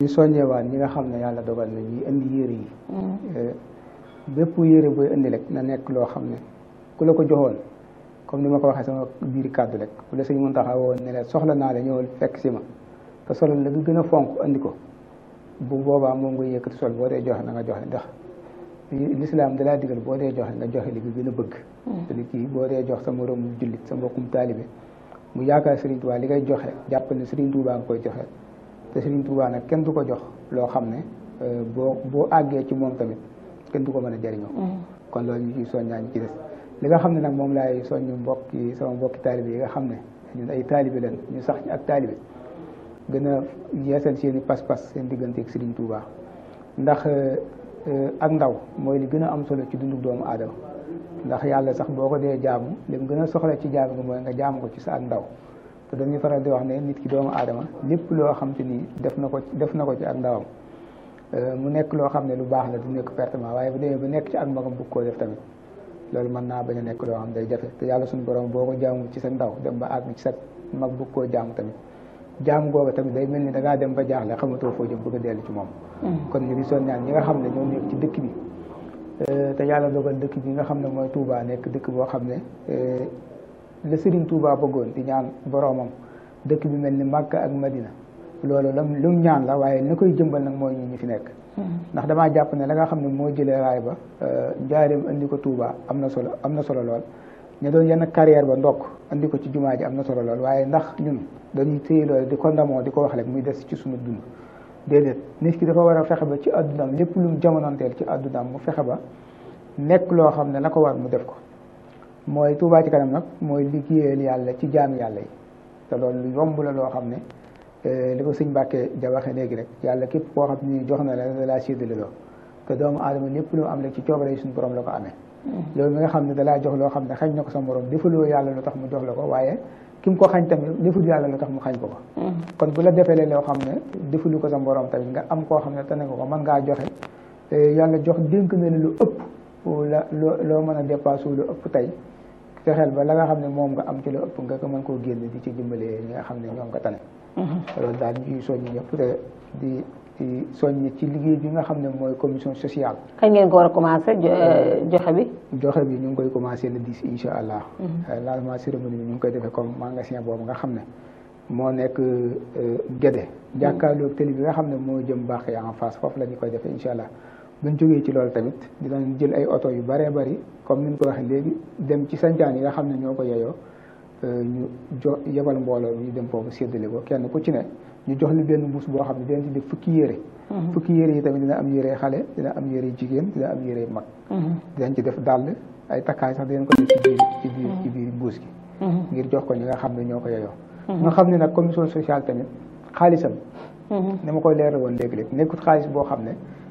di soññewaat ñi nga xam ne yàlla dogal na ñuy indi yére yi mm. eh, bépp yére booy indi rek na nekk loo xam ne ku la ko joxoon comme ni ma ko waxee sama biir kàddu rek ku la sëñ Muntaxa woon ne la soxla si ma te solal gën a fonk ko bu boobaa moom nga yëkkati sol boo dee joxe na nga dalaa digal boo dee joxe nga joxe li nga gën a bëgg mm. te li kii boo dee jox sa moroom jullit sa mbokkum taalibe mu yaakaar Sëriñ Tuubaa li ngay joxe koy joxe te Serigne Touba nag kenn du ko jox loo xam ne euh, boo boo àggee ci moom tamit kenn du ko mën a jëriñoo. Mm-hmm. kon loolu ñu ciy soññaa ñu ci des li nga xam ne nag moom laay soññu mbokk yi sama mbokki taalibe yi nga xam ne ñun ay taalibe leen ñu sax ci ak taalibe gën a yeesal seen i pas-pas seen diggante ak Serigne Touba ndax euh, euh, ak ndaw mooy li gën a am solo ci dundu doomu aadama ndax yàlla sax boo ko dee jaamu li gën a soxla ci jaamu nga mooy nga jaamu ko ci sa ak ndaw. te dañuy faral di wax ne nit ki doomu aadama lépp loo xam ni def na ko ci ak ndawam euh, mu nekk loo xam ne lu baax la du nekk pertement waaye bu demee ba nekk ci ak magam bëgg koo def tamit loolu mën naa nekk loo xam day jafe te yàlla boo ko jaamu ci sa ndaw dem ba àgg ci sa mag bëgg koo jaamu tamit day mel ni da ngaa dem ba jaaxle xamatoo foo jëm bëgg a dellu ci moom hmm. kon ñu ngi soon ñaan ñi nga xam ne ñoo nekk ci dëkk bi euh, te yàlla dogal dëkk bi nga xam ne mooy Touba nekk dëkk boo xam ne euh, la Serigne Touba bëggoon di ñaan boroomam dëkk bi mel ni Makka ak Madina loolu lam lu ñaan la waaye la koy jëmbal nag mooy ñu ñu fi nekk. Hmm. ndax damaa jàpp ne la nga xam ne moo jëlee raay ba euh, jaareem andi ko tuubaa am na solo am na solo lool. ñu doon yenn carrière ba ndokk indi ko ci jumaa ji am na solo lool waaye ndax ñun dañuy téye loolu di ko ndamoo di ko wax rek muy des ci suñu dund. déedéet nit ki dafa war a fexe ba ci àddunaam lépp lu mu jamonoonteel ci àddunaam mu fexe ba nekk loo xam ne la ko war mu def ko. mooy Touba ka kanam nag mooy liggéeyal yàlla ci jaam yàlla yi te loolu lu yomb la loo xam ne eh, li ko sëñ Mbàkke ja waxee léegi rek yàlla képp koo xam ni jox na la da laa séddale loo te doomu adama lépp lu am rek ci coobare yi suñu borom la ko amee mm-hmm. loolu mi nga xam ne da laa jox loo xam ne xañ na ko sa morom defuloo yàlla lu tax mu jox la ko waaye ki ko xañ tamit deful yàlla lu tax mu xañ ko ko mm-hmm. kon bu la defalee loo xam ne defulu ko sa morom nga am koo xam ne te ne ko mën ngaa joxe eh, yàlla jox dénk na lu ëpp la loo mën a dépassé lu ëpp tey fexeel ba la nga xam ne moom nga am ci la ëpp nga ko mën koo génn di ci dimbalee ñi nga xam ne ñoom nga tane mm-hmm. daal ñu ciy soññi ci liggéey bi nga xam ne mooy commission sociale kañ ngeen ko war a commencé euh, euh, joxe bi joxe bi ñu ngi koy commencé le 10 incha allah mm-hmm. euh, lancement cérémonie bi ñu ngi koy defee comme magasin boobu nga xam ne moo nekk Guédé mm-hmm. jàkkaarloog télé bi nga xam ne moo jëm baax en face foofu la koy defee incha allah buñ jógee ci loolu tamit dinañ jël ay oto yu baree bari comme ni ñu ko waxee léegi dem ci sancaan yi nga xam ne ñoo ko yeyoo euh, ñu jox yebal mbooloo bi ñu dem foofu séddale ko kenn ku ci ne ñu jox li benn mbuus boo xam ne dinañ ci def fukki yére. Mm-hmm. fukki yére yi tamit dina am yére xale dina am yére jigéen dina am yére mag. Mm-hmm. dinañ ci def dàll ay takkaay sax dinañ ko def ci biir ci mm-hmm. gi. ngir jox ko ñi nga xam ne ñoo ko yeyoo. nga xam ne nag commission sociale tamit xaalisam. ni ma koy leeral woon léegi léegi nekkut xaalis boo xam ne.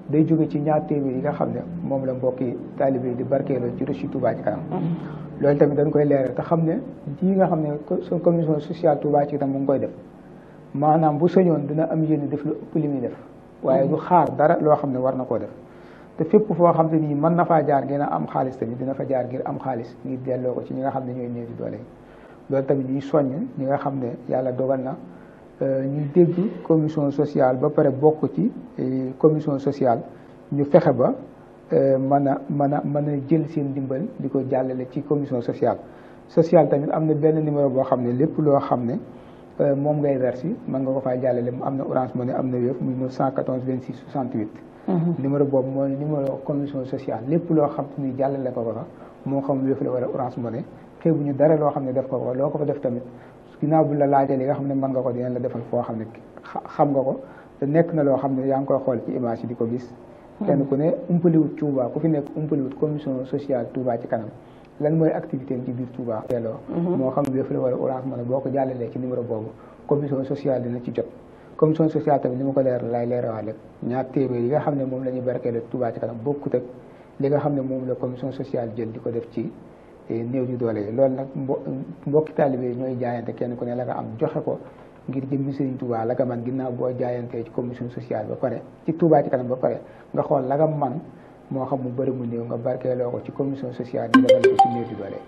day jóge ci ñaar téeméer yi nga xam ne moom la mbokki taalibe yi di barkeeloo ci reçu Touba ci kanam mm-hmm. loolu tamit dañ koy leeral te xam ne ji nga xam ne suñ commission sociale Touba ci kanam mu ngi koy def maanaam bu señoon dina am yéen def lu ëpp li def waaye du xaar dara loo xam ne war na koo def te fépp foo xam ne nii mën na faa jaar ngeen a am xaalis tamit dina fa jaar ngir am xaalis ngir delloo ko ci ñi nga xam ne ñooy néew di doole loolu tamit xam yàlla dogal na Euh, ñu dégg commission sociale ba pare bokk ci commission sociale ñu fexe ba euh, mën a mën a mën a jël seen ndimbal di ko jàllale ci commission sociale sociale tamit am na benn numéro boo xam ne lépp loo xam ne euh, moom nga ko faa jàllale mu am na am na Wave muy 914 26 68. numéro boobu mooy numéro commission sociale lépp loo xam te ni jàllale ko ko fa moo xam Wave la wala Orange Money xeebuñu dara loo xam ne def ko ko loo ko fa def tamit ginnaaw bu la laajee li nga ne mën nga ko dinañ la defal foo xam ne xam nga ko te nekk na loo xam ne yaa ngi koy xool ci image di ko gis. Hmm. kenn ku ne umpaliwut Touba ku fi nekk umpaliwut commission sociale Touba ci kanam lan mooy activité am ci biir Touba. Hmm. moo xam ne wala orange mën a boo ko jàllalee ci numéro boobu commission sociale dina ci jot. commission sociale tamit li ma ko leer laay leerawaale ñaar téeméer yi nga xam ne moom la ñuy barkeelal Touba ci kanam bokkut ak li nga xam ne moom la commission sociale jël di ko def ci. te néew ji doole yi loolu nag mbo mbokki taalibe ñooy jaayante kenn ku ne la nga am joxe ko ngir jëmmi Sëriñ Tuubaa la nga man ginnaaw boo jaayantee ci commission sociale ba pare ci Tuubaa ci kanam ba pare nga xool la nga man moo xam mu bëri mu néew nga barkeeloo ko ci commission sociale bi defal ko ci néew ji doole